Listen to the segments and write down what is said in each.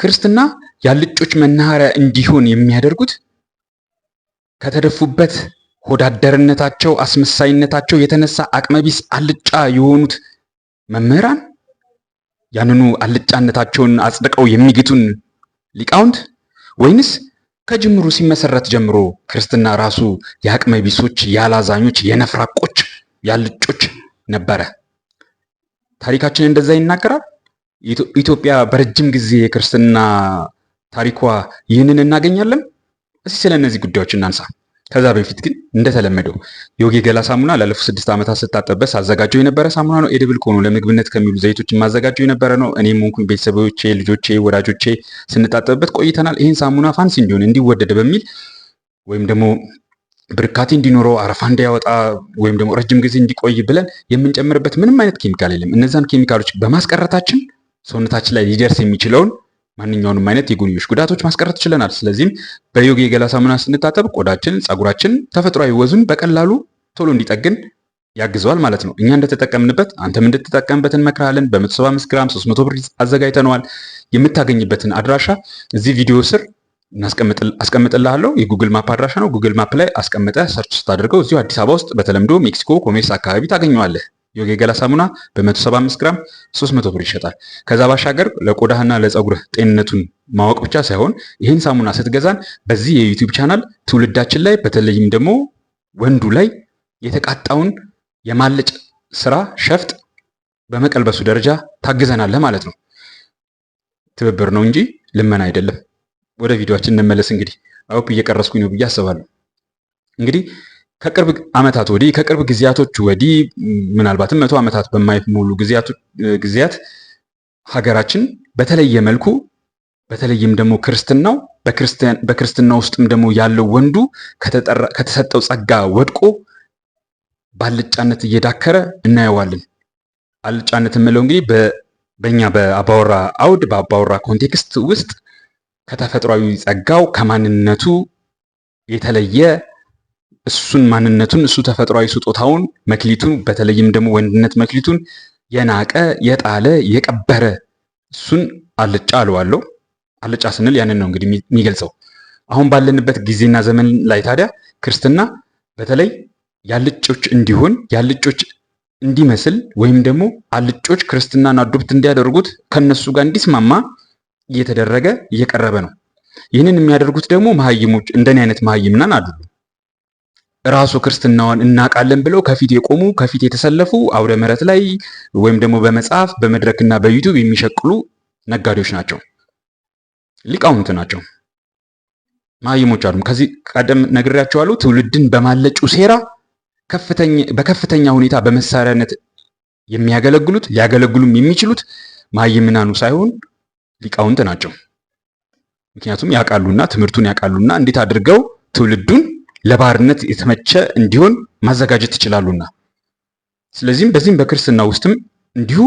ክርስትና ያልጮች መናኸሪያ እንዲሆን የሚያደርጉት ከተደፉበት ሆዳደርነታቸው፣ አስመሳይነታቸው የተነሳ አቅመቢስ አልጫ የሆኑት መምህራን ያንኑ አልጫነታቸውን አጽድቀው የሚግቱን ሊቃውንት ወይንስ ከጅምሩ ሲመሰረት ጀምሮ ክርስትና ራሱ የአቅመቢሶች፣ የአላዛኞች፣ የነፍራቆች፣ ያልጮች ነበረ? ታሪካችን እንደዛ ይናገራል። ኢትዮጵያ በረጅም ጊዜ የክርስትና ታሪኳ ይህንን እናገኛለን። እስኪ ስለ እነዚህ ጉዳዮች እናንሳ። ከዛ በፊት ግን እንደተለመደው የዮጊ ገላ ሳሙና ላለፉት ስድስት ዓመታት ስታጠበስ ሳዘጋጀው የነበረ ሳሙና ነው። ኤድብል ከሆኑ ለምግብነት ከሚሉ ዘይቶች ማዘጋጀው የነበረ ነው። እኔም ሆንኩኝ ቤተሰቦቼ፣ ልጆቼ፣ ወዳጆቼ ስንጣጠብበት ቆይተናል። ይህን ሳሙና ፋንሲ እንዲሆን እንዲወደድ በሚል ወይም ደግሞ ብርካቴ እንዲኖረው አረፋ እንዳያወጣ ወይም ደግሞ ረጅም ጊዜ እንዲቆይ ብለን የምንጨምርበት ምንም አይነት ኬሚካል የለም። እነዛን ኬሚካሎች በማስቀረታችን ሰውነታችን ላይ ሊደርስ የሚችለውን ማንኛውንም አይነት የጎንዮሽ ጉዳቶች ማስቀረት ችለናል። ስለዚህም በዮጊ የገላ ሳሙና ስንታጠብ ቆዳችን፣ ጸጉራችን ተፈጥሯዊ ወዙን በቀላሉ ቶሎ እንዲጠግን ያግዘዋል ማለት ነው። እኛ እንደተጠቀምንበት አንተም እንድትጠቀምበት እንመክርሃለን። በ175 ግራም 300 ብር አዘጋጅተነዋል። የምታገኝበትን አድራሻ እዚህ ቪዲዮ ስር አስቀምጥልሃለሁ። የጉግል ማፕ አድራሻ ነው። ጉግል ማፕ ላይ አስቀምጠ ሰርች ስታደርገው እዚሁ አዲስ አበባ ውስጥ በተለምዶ ሜክሲኮ ኮሜርስ አካባቢ ታገኘዋለህ። ዮጊ የገላ ሳሙና በ175 ግራም 300 ብር ይሸጣል። ከዛ ባሻገር ለቆዳህና ለፀጉርህ ጤንነቱን ማወቅ ብቻ ሳይሆን ይህን ሳሙና ስትገዛን በዚህ የዩቲዩብ ቻናል ትውልዳችን ላይ በተለይም ደግሞ ወንዱ ላይ የተቃጣውን የማለጭ ስራ ሸፍጥ በመቀልበሱ ደረጃ ታግዘናለህ ማለት ነው። ትብብር ነው እንጂ ልመና አይደለም። ወደ ቪዲዮችን እንመለስ። እንግዲህ አውፕ እየቀረስኩኝ ነው ብዬ አስባለሁ እንግዲህ ከቅርብ ዓመታት ወዲህ ከቅርብ ጊዜያቶች ወዲህ ምናልባትም መቶ ዓመታት በማይሞሉ ጊዜያት ሀገራችን በተለየ መልኩ በተለይም ደግሞ ክርስትናው በክርስትና ውስጥም ደግሞ ያለው ወንዱ ከተሰጠው ጸጋ ወድቆ በአልጫነት እየዳከረ እናየዋለን። አልጫነት የምለው እንግዲህ በእኛ በአባወራ አውድ በአባወራ ኮንቴክስት ውስጥ ከተፈጥሯዊ ጸጋው ከማንነቱ የተለየ እሱን ማንነቱን እሱ ተፈጥሯዊ ስጦታውን መክሊቱን በተለይም ደግሞ ወንድነት መክሊቱን የናቀ የጣለ የቀበረ እሱን አልጫ አለዋለሁ። አልጫ ስንል ያንን ነው እንግዲህ የሚገልጸው። አሁን ባለንበት ጊዜና ዘመን ላይ ታዲያ ክርስትና በተለይ ያልጮች እንዲሆን ያልጮች እንዲመስል ወይም ደግሞ አልጮች ክርስትናን አዶፕት እንዲያደርጉት ከነሱ ጋር እንዲስማማ እየተደረገ እየቀረበ ነው። ይህንን የሚያደርጉት ደግሞ መሀይሞች እንደኔ አይነት መሀይምናን አሉ። ራሱ ክርስትናዋን እናውቃለን ብለው ከፊት የቆሙ ከፊት የተሰለፉ አውደ ምሕረት ላይ ወይም ደግሞ በመጽሐፍ በመድረክና በዩቱብ የሚሸቅሉ ነጋዴዎች ናቸው፣ ሊቃውንት ናቸው፣ ማይሞች አሉ። ከዚህ ቀደም ነግሬያቸዋለሁ። ትውልድን በማለጩ ሴራ በከፍተኛ ሁኔታ በመሳሪያነት የሚያገለግሉት ሊያገለግሉም የሚችሉት ማይምናኑ ሳይሆን ሊቃውንት ናቸው። ምክንያቱም ያውቃሉና ትምህርቱን ያውቃሉና እንዴት አድርገው ትውልዱን ለባርነት የተመቸ እንዲሆን ማዘጋጀት ይችላሉና ስለዚህም በዚህም በክርስትና ውስጥም እንዲሁ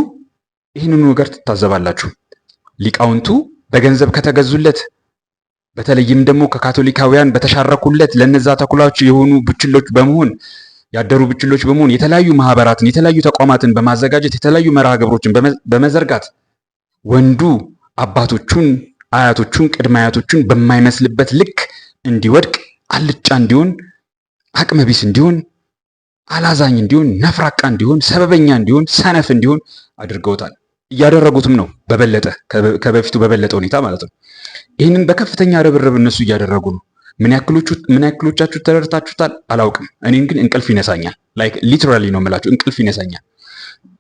ይህንኑ ነገር ትታዘባላችሁ። ሊቃውንቱ በገንዘብ ከተገዙለት በተለይም ደግሞ ከካቶሊካውያን በተሻረኩለት ለነዛ ተኩላዎች የሆኑ ብችሎች በመሆን ያደሩ ብችሎች በመሆን የተለያዩ ማህበራትን የተለያዩ ተቋማትን በማዘጋጀት የተለያዩ መርሃ ግብሮችን በመዘርጋት ወንዱ አባቶቹን አያቶቹን ቅድመ አያቶቹን በማይመስልበት ልክ እንዲወድቅ አልጫ እንዲሆን፣ አቅመቢስ እንዲሆን፣ አላዛኝ እንዲሆን፣ ነፍራቃ እንዲሆን፣ ሰበበኛ እንዲሆን፣ ሰነፍ እንዲሆን አድርገውታል። እያደረጉትም ነው በበለጠ ከበፊቱ በበለጠ ሁኔታ ማለት ነው። ይህንን በከፍተኛ ርብርብ እነሱ እያደረጉ ነው። ምን ያክሎቻችሁ ተረድታችሁታል አላውቅም። እኔን ግን እንቅልፍ ይነሳኛል። ላይክ ሊትራሊ ነው የምላችሁ፣ እንቅልፍ ይነሳኛል።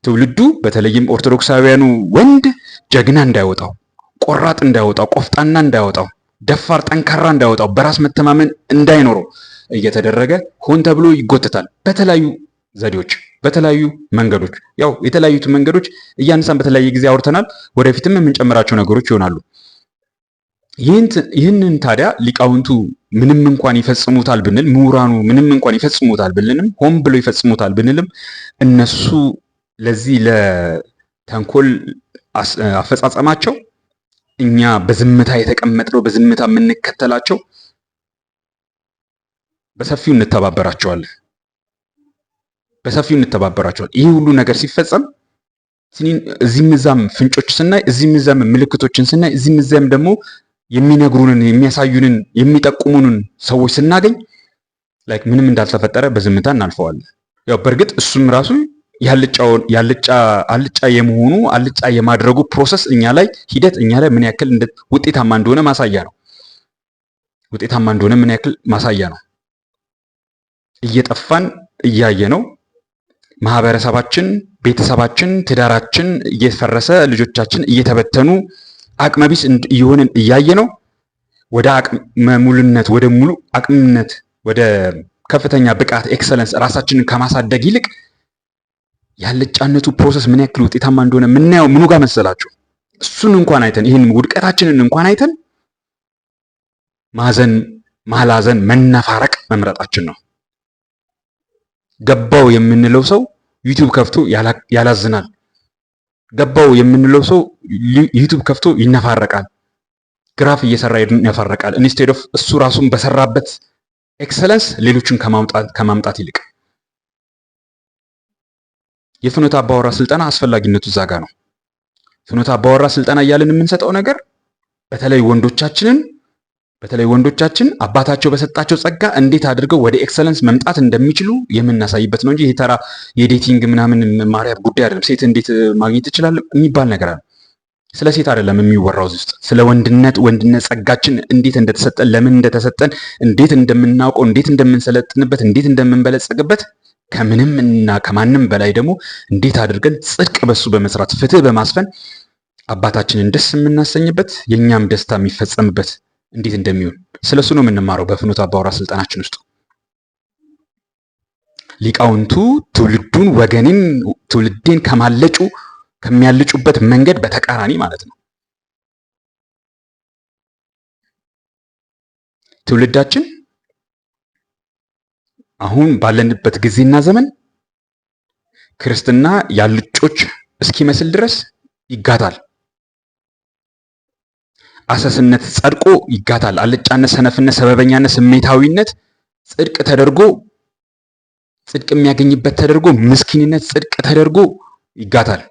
ትውልዱ በተለይም ኦርቶዶክሳውያኑ ወንድ ጀግና እንዳይወጣው፣ ቆራጥ እንዳይወጣው፣ ቆፍጣና እንዳይወጣው ደፋር ጠንካራ እንዳይወጣው በራስ መተማመን እንዳይኖረው እየተደረገ ሆን ተብሎ ይጎተታል በተለያዩ ዘዴዎች በተለያዩ መንገዶች። ያው የተለያዩት መንገዶች እያነሳን በተለያየ ጊዜ አውርተናል። ወደፊትም የምንጨምራቸው ነገሮች ይሆናሉ። ይህንን ታዲያ ሊቃውንቱ ምንም እንኳን ይፈጽሙታል ብንል፣ ምሁራኑ ምንም እንኳን ይፈጽሙታል ብንልም፣ ሆን ብለው ይፈጽሙታል ብንልም እነሱ ለዚህ ለተንኮል አፈጻጸማቸው እኛ በዝምታ የተቀመጥነው በዝምታ የምንከተላቸው በሰፊው እንተባበራቸዋለን በሰፊው እንተባበራቸዋለን። ይህ ሁሉ ነገር ሲፈጸም እዚህም እዛም ፍንጮች ስናይ፣ እዚህም እዛም ምልክቶችን ስናይ፣ እዚህም እዛም ደግሞ የሚነግሩንን የሚያሳዩንን የሚጠቁሙንን ሰዎች ስናገኝ ላይክ ምንም እንዳልተፈጠረ በዝምታ እናልፈዋለን። ያው በእርግጥ እሱም ራሱ አልጫ የመሆኑ አልጫ የማድረጉ ፕሮሰስ እኛ ላይ ሂደት እኛ ላይ ምን ያክል ውጤታማ እንደሆነ ማሳያ ነው። ውጤታማ እንደሆነ ምን ያክል ማሳያ ነው። እየጠፋን እያየ ነው። ማህበረሰባችን፣ ቤተሰባችን፣ ትዳራችን እየፈረሰ ልጆቻችን እየተበተኑ አቅመቢስ እየሆንን እያየ ነው። ወደ አቅመ ሙሉነት ወደ ሙሉ አቅምነት ወደ ከፍተኛ ብቃት ኤክሰለንስ ራሳችንን ከማሳደግ ይልቅ ያለጫነቱ ፕሮሰስ ምን ያክል ውጤታማ እንደሆነ የምናየው ምኑ ጋር መሰላችሁ? እሱን እንኳን አይተን ይህን ውድቀታችንን እንኳን አይተን ማዘን ማላዘን መነፋረቅ መምረጣችን ነው። ገባው የምንለው ሰው ዩቲዩብ ከፍቶ ያላዝናል። ገባው የምንለው ሰው ዩቲዩብ ከፍቶ ይነፋረቃል። ግራፍ እየሰራ ይነፋረቃል። ኢንስቴድ ኦፍ እሱ ራሱን በሰራበት ኤክሰለንስ ሌሎችን ከማምጣት ይልቅ የፍኖተ አባወራ ስልጠና አስፈላጊነቱ እዛ ጋ ነው። ፍኖተ አባወራ ስልጠና እያልን የምንሰጠው ነገር በተለይ ወንዶቻችንን በተለይ ወንዶቻችን አባታቸው በሰጣቸው ጸጋ እንዴት አድርገው ወደ ኤክሰለንስ መምጣት እንደሚችሉ የምናሳይበት ነው እንጂ ይሄ ተራ የዴቲንግ ምናምን ማርያም ጉዳይ አይደለም። ሴት እንዴት ማግኘት ይችላል የሚባል ነገር አለ። ስለ ሴት አይደለም የሚወራው እዚህ ውስጥ ስለ ወንድነት ወንድነት ጸጋችን እንዴት እንደተሰጠን፣ ለምን እንደተሰጠን፣ እንዴት እንደምናውቀው፣ እንዴት እንደምንሰለጥንበት፣ እንዴት እንደምንበለጸግበት ከምንም እና ከማንም በላይ ደግሞ እንዴት አድርገን ጽድቅ በሱ በመስራት ፍትህ በማስፈን አባታችንን ደስ የምናሰኝበት የእኛም ደስታ የሚፈጸምበት እንዴት እንደሚሆን ስለሱ ነው የምንማረው በፍኖት አባወራ ስልጠናችን ውስጥ። ሊቃውንቱ ትውልዱን ወገኔን ትውልዴን ከማለጩ ከሚያልጩበት መንገድ በተቃራኒ ማለት ነው። ትውልዳችን አሁን ባለንበት ጊዜና ዘመን ክርስትና ያልጮች እስኪመስል ድረስ ይጋታል። አሰስነት ጸድቆ ይጋታል። አልጫነት፣ ሰነፍነት፣ ሰበበኛነት፣ ስሜታዊነት ጽድቅ ተደርጎ ጽድቅ የሚያገኝበት ተደርጎ ምስኪንነት ጽድቅ ተደርጎ ይጋታል።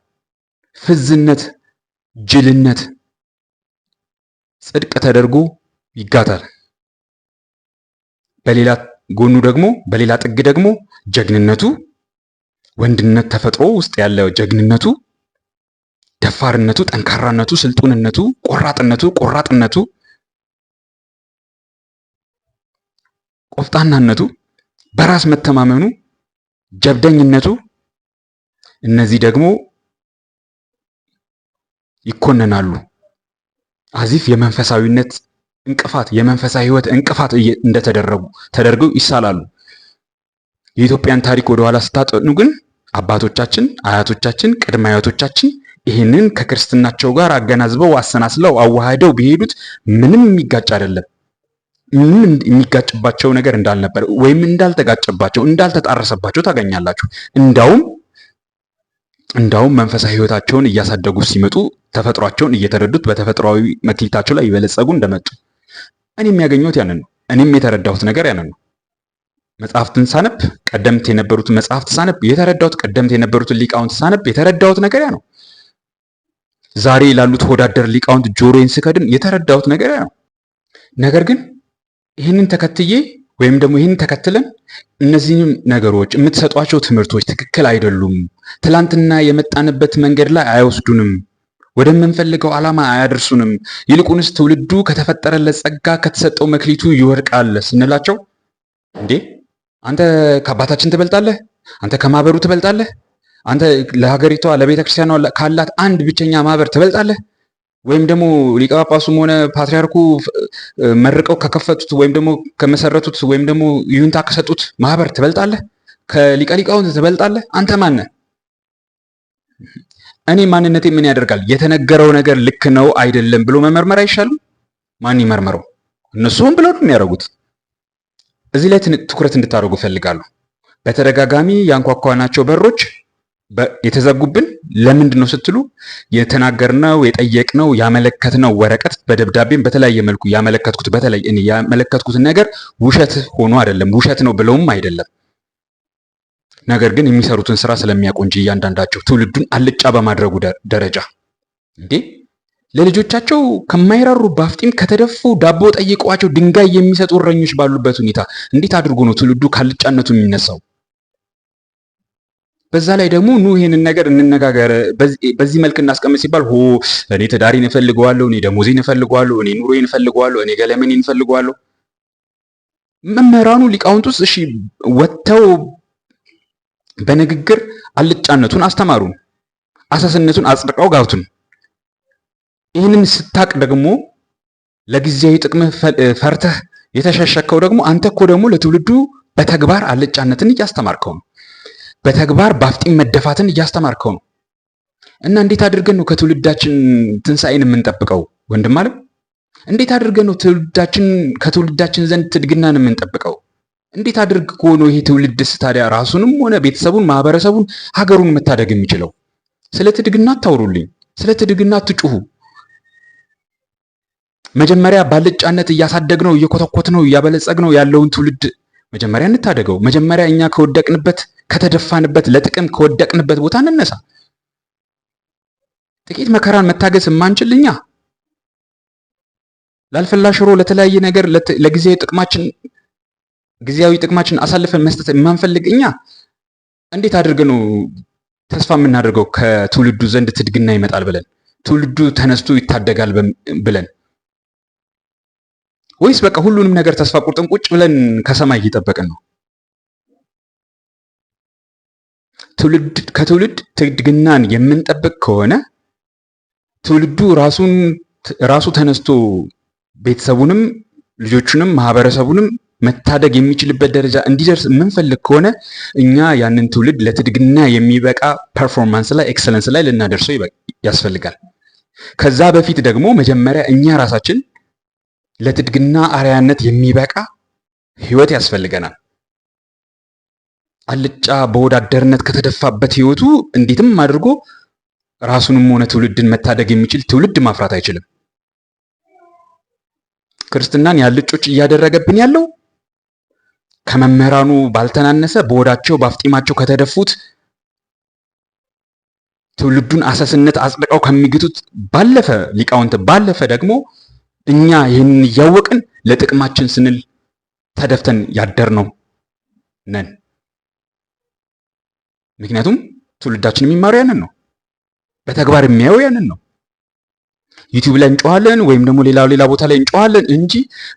ፍዝነት፣ ጅልነት ጽድቅ ተደርጎ ይጋታል። በሌላ ጎኑ ደግሞ በሌላ ጥግ ደግሞ ጀግንነቱ ወንድነት ተፈጥሮ ውስጥ ያለው ጀግንነቱ፣ ደፋርነቱ፣ ጠንካራነቱ፣ ስልጡንነቱ፣ ቆራጥነቱ ቆራጥነቱ፣ ቆፍጣናነቱ፣ በራስ መተማመኑ፣ ጀብደኝነቱ እነዚህ ደግሞ ይኮነናሉ። አዚፍ የመንፈሳዊነት እንቅፋት የመንፈሳዊ ህይወት እንቅፋት እንደተደረጉ ተደርገው ይሳላሉ። የኢትዮጵያን ታሪክ ወደኋላ ስታጠኑ ግን አባቶቻችን፣ አያቶቻችን፣ ቅድመ አያቶቻችን ይህንን ከክርስትናቸው ጋር አገናዝበው አሰናስለው አዋህደው ቢሄዱት ምንም የሚጋጭ አይደለም። ምንም የሚጋጭባቸው ነገር እንዳልነበር ወይም እንዳልተጋጨባቸው እንዳልተጣረሰባቸው ታገኛላችሁ። እንዳውም እንዳውም መንፈሳዊ ህይወታቸውን እያሳደጉ ሲመጡ ተፈጥሯቸውን እየተረዱት በተፈጥሯዊ መክሊታቸው ላይ ይበለጸጉ እንደመጡ እኔም ያገኘሁት ያንን ነው። እኔም የተረዳሁት ነገር ያንን ነው። መጽሐፍትን ሳነብ ቀደምት የነበሩትን መጽሐፍት ሳነብ የተረዳሁት ቀደምት የነበሩትን ሊቃውንት ሳነብ የተረዳሁት ነገር ያ ነው። ዛሬ ላሉት ሆዳደር ሊቃውንት ጆሮዬን ስከድን የተረዳሁት ነገር ያ ነው። ነገር ግን ይህንን ተከትዬ ወይም ደግሞ ይህንን ተከትለን እነዚህም ነገሮች የምትሰጧቸው ትምህርቶች ትክክል አይደሉም፣ ትላንትና የመጣንበት መንገድ ላይ አይወስዱንም ወደምንፈልገው ዓላማ አያደርሱንም። ይልቁንስ ትውልዱ ከተፈጠረለት ጸጋ ከተሰጠው መክሊቱ ይወድቃል ስንላቸው እንዴ አንተ ከአባታችን ትበልጣለህ፣ አንተ ከማህበሩ ትበልጣለህ፣ አንተ ለሀገሪቷ ለቤተ ክርስቲያኗ ካላት አንድ ብቸኛ ማህበር ትበልጣለህ ወይም ደግሞ ሊቀ ጳጳሱም ሆነ ፓትሪያርኩ መርቀው ከከፈቱት ወይም ደግሞ ከመሰረቱት ወይም ደግሞ ይሁንታ ከሰጡት ማህበር ትበልጣለህ፣ ከሊቀ ሊቃውንት ትበልጣለህ። አንተ ማነህ? እኔ ማንነቴ ምን ያደርጋል? የተነገረው ነገር ልክ ነው አይደለም ብሎ መመርመር አይሻልም? ማን ይመርመረው? እነሱም ብለው ነው የሚያደርጉት። እዚህ ላይ ትኩረት እንድታደርጉ እፈልጋለሁ። በተደጋጋሚ ያንኳኳናቸው በሮች የተዘጉብን ለምንድን ነው ስትሉ የተናገርነው የጠየቅነው ያመለከትነው ወረቀት በደብዳቤም በተለያየ መልኩ ያመለከትኩት በተለይ እኔ ያመለከትኩትን ነገር ውሸት ሆኖ አይደለም ውሸት ነው ብለውም አይደለም ነገር ግን የሚሰሩትን ስራ ስለሚያውቁ እንጂ እያንዳንዳቸው ትውልዱን አልጫ በማድረጉ ደረጃ እንዴ ለልጆቻቸው ከማይራሩ ባፍጢም ከተደፉ ዳቦ ጠይቀዋቸው ድንጋይ የሚሰጡ እረኞች ባሉበት ሁኔታ እንዴት አድርጎ ነው ትውልዱ ካልጫነቱ የሚነሳው? በዛ ላይ ደግሞ ኑ ይሄንን ነገር እንነጋገር፣ በዚህ መልክ እናስቀምጥ ሲባል ሆ እኔ ትዳሬን እፈልገዋለሁ፣ እኔ ደሞዜን እፈልገዋለሁ፣ እኔ ኑሮዬን እፈልገዋለሁ፣ እኔ ገለመኔን እፈልገዋለሁ። መምህራኑ ሊቃውንቱስ እሺ ወጥተው በንግግር አልጫነቱን አስተማሩን፣ አሳስነቱን አጽድቀው ጋቱን። ይህንን ስታቅ ደግሞ ለጊዜያዊ ጥቅምህ ፈርተህ የተሸሸከው ደግሞ አንተ እኮ ደግሞ ለትውልዱ በተግባር አልጫነትን እያስተማርከው ነው። በተግባር ባፍጢም መደፋትን እያስተማርከው ነው። እና እንዴት አድርገን ነው ከትውልዳችን ትንሣኤን የምንጠብቀው? ወንድም አለም እንዴት አድርገን ነው ከትውልዳችን ዘንድ ትድግናን የምንጠብቀው? እንዴት አድርግ ከሆነ ይሄ ትውልድስ ታዲያ ራሱንም ሆነ ቤተሰቡን፣ ማህበረሰቡን፣ ሀገሩን መታደግ የሚችለው? ስለ ትድግና አታውሩልኝ፣ ስለ ትድግና አትጩሁ። መጀመሪያ ባልጫነት ነው እየኮተኮትነው ነው ያለውን ትውልድ መጀመሪያ እንታደገው። መጀመሪያ እኛ ከወደቅንበት ከተደፋንበት ለጥቅም ከወደቅንበት ቦታ እንነሳ። ጥቂት መከራን መታገስ የማንችል እኛ ላልፈላ ሽሮ ለተለያየ ነገር ለጊዜ ጥቅማችን ጊዜያዊ ጥቅማችን አሳልፈን መስጠት የማንፈልግ እኛ እንዴት አድርገን ነው ተስፋ የምናደርገው ከትውልዱ ዘንድ ትድግና ይመጣል ብለን ትውልዱ ተነስቶ ይታደጋል ብለን ወይስ በቃ ሁሉንም ነገር ተስፋ ቁርጥን ቁጭ ብለን ከሰማይ እየጠበቅን ነው? ከትውልድ ትድግናን የምንጠብቅ ከሆነ ትውልዱ ራሱን ራሱ ተነስቶ ቤተሰቡንም ልጆቹንም ማህበረሰቡንም መታደግ የሚችልበት ደረጃ እንዲደርስ የምንፈልግ ከሆነ እኛ ያንን ትውልድ ለትድግና የሚበቃ ፐርፎርማንስ ላይ ኤክሰለንስ ላይ ልናደርሰው ያስፈልጋል። ከዛ በፊት ደግሞ መጀመሪያ እኛ ራሳችን ለትድግና አርያነት የሚበቃ ህይወት ያስፈልገናል። አልጫ በወዳደርነት ከተደፋበት ህይወቱ እንዴትም አድርጎ ራሱንም ሆነ ትውልድን መታደግ የሚችል ትውልድ ማፍራት አይችልም። ክርስትናን ያልጮች እያደረገብን ያለው ከመምህራኑ ባልተናነሰ በወዳቸው በአፍጢማቸው ከተደፉት ትውልዱን አሰስነት አጽድቀው ከሚግጡት ባለፈ ሊቃውንት ባለፈ ደግሞ እኛ ይህንን እያወቅን ለጥቅማችን ስንል ተደፍተን ነው ነን። ምክንያቱም ትውልዳችን የሚማሩ ያንን ነው፣ በተግባር የሚያዩ ያንን ነው። ዩቲዩብ ላይ እንጨዋለን ወይም ደግሞ ሌላ ሌላ ቦታ ላይ እንጨዋለን እንጂ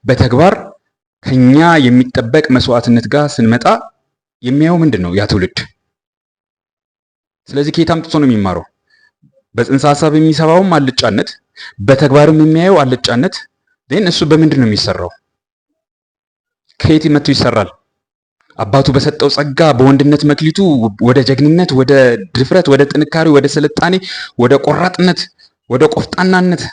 በተግባር ከኛ የሚጠበቅ መስዋዕትነት ጋር ስንመጣ የሚያየው ምንድን ነው ያ ትውልድ? ስለዚህ ከየት አምጥቶ ነው የሚማረው? በጽንሰ ሀሳብ የሚሰባውም አልጫነት፣ በተግባርም የሚያየው አልጫነት። ን እሱ በምንድን ነው የሚሰራው? ከየት መጥቶ ይሰራል? አባቱ በሰጠው ጸጋ፣ በወንድነት መክሊቱ ወደ ጀግንነት፣ ወደ ድፍረት፣ ወደ ጥንካሬ፣ ወደ ስልጣኔ፣ ወደ ቆራጥነት፣ ወደ ቆፍጣናነት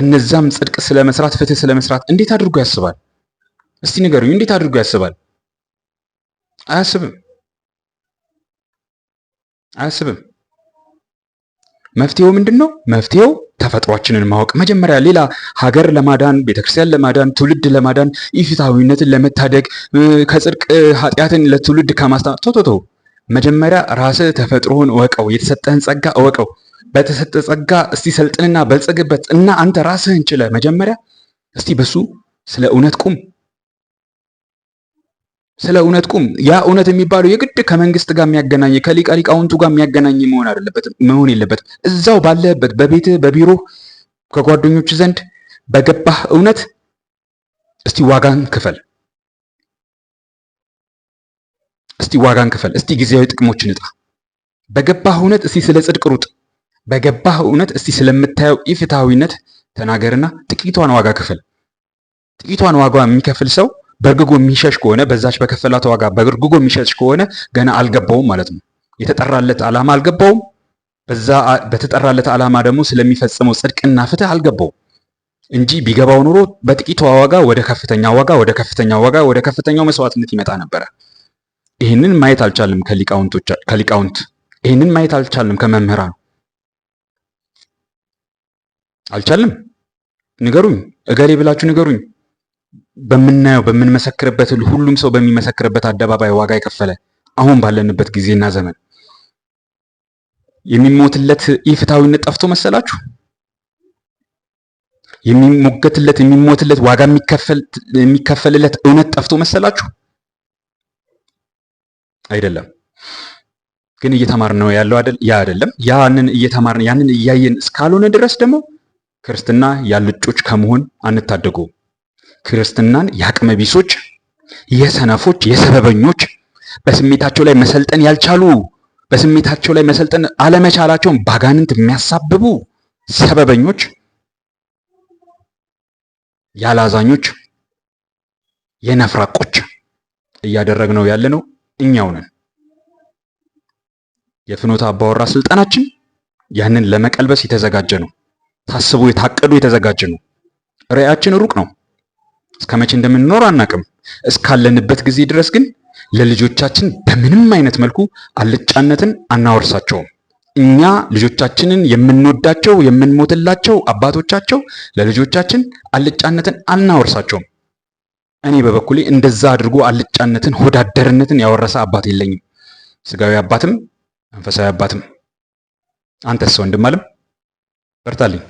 እነዛም ጽድቅ ስለመስራት ፍትህ ስለመስራት እንዴት አድርጎ ያስባል? እስቲ ንገሩኝ። እንዴት አድርጎ ያስባል? አያስብም፣ አያስብም። መፍትሄው ምንድን ነው? መፍትሄው ተፈጥሯችንን ማወቅ መጀመሪያ። ሌላ ሀገር ለማዳን ቤተክርስቲያን ለማዳን ትውልድ ለማዳን ኢፍትሐዊነትን ለመታደግ ከጽድቅ ኃጢአትን ለትውልድ ከማስታ ቶቶቶ መጀመሪያ ራስህ ተፈጥሮን እወቀው፣ የተሰጠህን ጸጋ እወቀው። በተሰጠ ጸጋ እስቲ ሰልጥንና በልጸግበት እና አንተ ራስህን ችለ መጀመሪያ እስቲ በሱ ስለ እውነት ቁም፣ ስለ እውነት ቁም። ያ እውነት የሚባለው የግድ ከመንግስት ጋር የሚያገናኝ ከሊቀ ሊቃውንቱ ጋር የሚያገናኝ መሆን አይደለበትም መሆን የለበትም። እዛው ባለህበት በቤትህ በቢሮ ከጓደኞች ዘንድ በገባህ እውነት እስቲ ዋጋን ክፈል እስቲ ዋጋን ክፈል። እስቲ ጊዜያዊ ጥቅሞችን እጣ። በገባህ እውነት እስቲ ስለ ጽድቅ ሩጥ። በገባህ እውነት እስቲ ስለምታየው ኢፍትሐዊነት ተናገርና ጥቂቷን ዋጋ ክፍል ጥቂቷን ዋጋ የሚከፍል ሰው በእርግጎ የሚሸሽ ከሆነ በዛች በከፈላት ዋጋ በእርግጎ የሚሸሽ ከሆነ ገና አልገባውም ማለት ነው። የተጠራለት ዓላማ አልገባውም። በዛ በተጠራለት ዓላማ ደግሞ ስለሚፈጽመው ጽድቅና ፍትህ አልገባውም እንጂ ቢገባው ኑሮ በጥቂቷ ዋጋ ወደ ከፍተኛ ዋጋ ወደ ከፍተኛ ዋጋ ወደ ከፍተኛው መስዋዕትነት ይመጣ ነበረ። ይህንን ማየት አልቻልም ከሊቃውንት ይህንን ማየት አልቻልም ከመምህራን አልቻልም? ንገሩኝ፣ እገሌ ብላችሁ ንገሩኝ። በምናየው በምንመሰክርበት፣ ሁሉም ሰው በሚመሰክርበት አደባባይ ዋጋ የከፈለ አሁን ባለንበት ጊዜና ዘመን የሚሞትለት ኢፍትሐዊነት ጠፍቶ መሰላችሁ? የሚሞገትለት የሚሞትለት ዋጋ የሚከፈልለት እውነት ጠፍቶ መሰላችሁ? አይደለም። ግን እየተማርን ነው ያለው አይደል? ያ አይደለም። ያንን እየተማርን ያንን እያየን እስካልሆነ ድረስ ደግሞ ክርስትና ያልጮች ከመሆን አንታደጉ። ክርስትናን የአቅመቢሶች የሰነፎች፣ የሰበበኞች በስሜታቸው ላይ መሰልጠን ያልቻሉ በስሜታቸው ላይ መሰልጠን አለመቻላቸውን ባጋንንት የሚያሳብቡ ሰበበኞች፣ ያላዛኞች፣ የነፍራቆች እያደረግ ያለ ያለነው እኛው ነን። የፍኖተ አባወራ ስልጠናችን ያንን ለመቀልበስ የተዘጋጀ ነው። ታስቦ የታቀዱ የተዘጋጀ ነው። ራዕያችን ሩቅ ነው። እስከ መቼ እንደምንኖር አናቅም። እስካለንበት ጊዜ ድረስ ግን ለልጆቻችን በምንም አይነት መልኩ አልጫነትን አናወርሳቸውም። እኛ ልጆቻችንን የምንወዳቸው የምንሞትላቸው አባቶቻቸው ለልጆቻችን አልጫነትን አናወርሳቸውም። እኔ በበኩሌ እንደዛ አድርጎ አልጫነትን ሆዳደርነትን ያወረሰ አባት የለኝም፣ ስጋዊ አባትም መንፈሳዊ አባትም። አንተስ ወንድም አለም በርታልኝ።